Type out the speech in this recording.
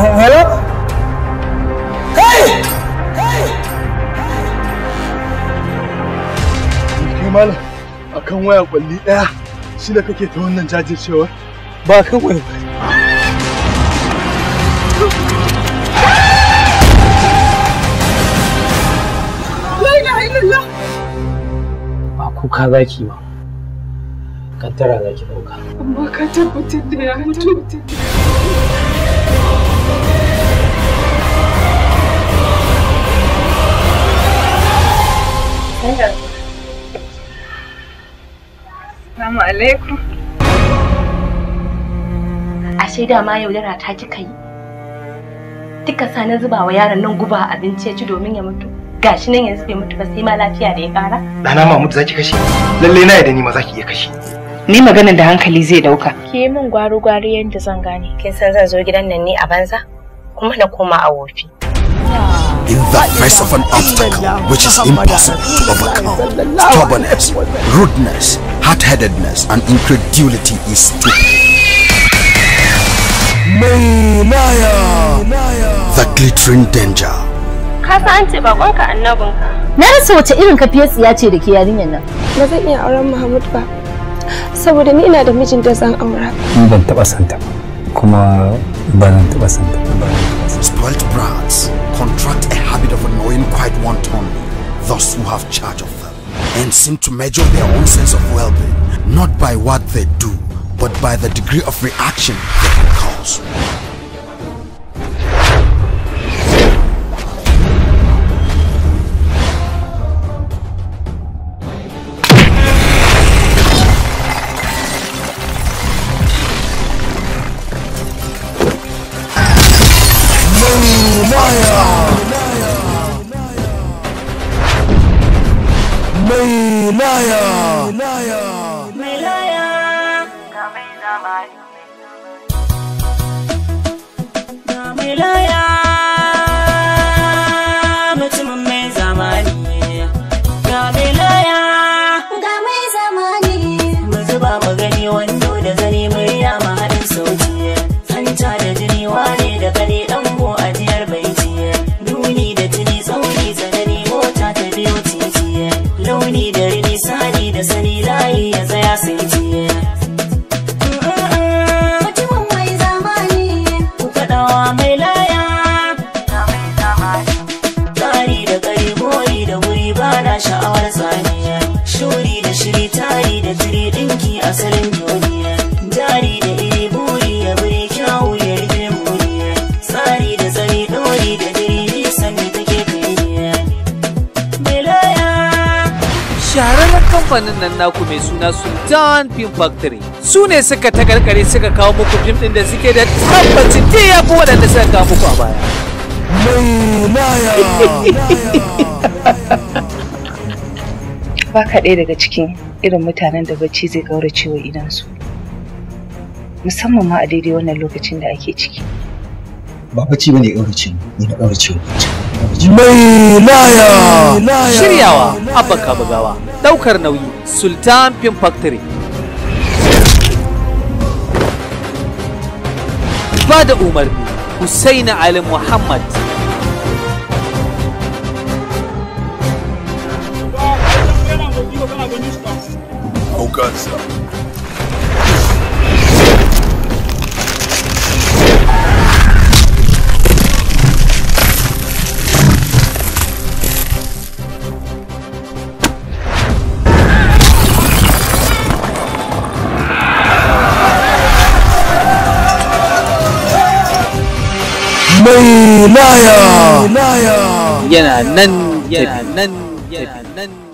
hello kai kai kai malam akan waya kwalli daya shi da kake ta wannan jajircewa ba kan waya ba kuka ki ba kaddara ki dauka amma ka tabbatar da ya mutu mutum Assalamu alaikum. Ashe dama yaudara ta kika yi? Kika sa na zuba wa yaron nan guba abinci ya ci domin ya mutu. Gashi nan yanzu bai mutu ba sai ma lafiya da ya kara. Dana Mahmud zaki kashe? Lalle na yadda ni ma zaki iya kashe. Ni maganin da hankali zai dauka. Ki yi min gwaro gwari yadda zan gane. Kin san zan zo gidan nan ne a banza kuma na koma a wofi. in the face of an obstacle which is impossible to overcome. Stubbornness, rudeness, hard-headedness, and incredulity is stupid. The glittering danger. Ka san an ce bakonka annabinka. Na rasa wace irin ka kafiyar tsiya ce da ke yarinyar nan. Ba zan iya auren Muhammad ba. Saboda ni ina da mijin da zan aura. Ni ban taba santa ba. Kuma ba zan taba santa ba. Spoiled brats. contract a habit of annoying quite wantonly those who have charge of them, and seem to measure their own sense of well-being not by what they do, but by the degree of reaction they can cause. mai. Na mai laya. kamfanin nan naku mai suna Sultan Film Factory. Su ne suka takarkare suka kawo muku fim ɗin da suke da tabbacin ta ya fi waɗanda suka kawo muku a baya. Ba ka ɗaya daga cikin irin mutanen da bacci zai cewa wa idansu. Musamman ma a daidai wannan lokacin da ake ciki. ba bacci ba bane ƙaurace ni na ƙaurace mai laya shiryawa abba kabugawa daukar nauyi sultan film factory bada da umarni Hussaini Ali Muhammad mai laya yana nan yana nan yana nan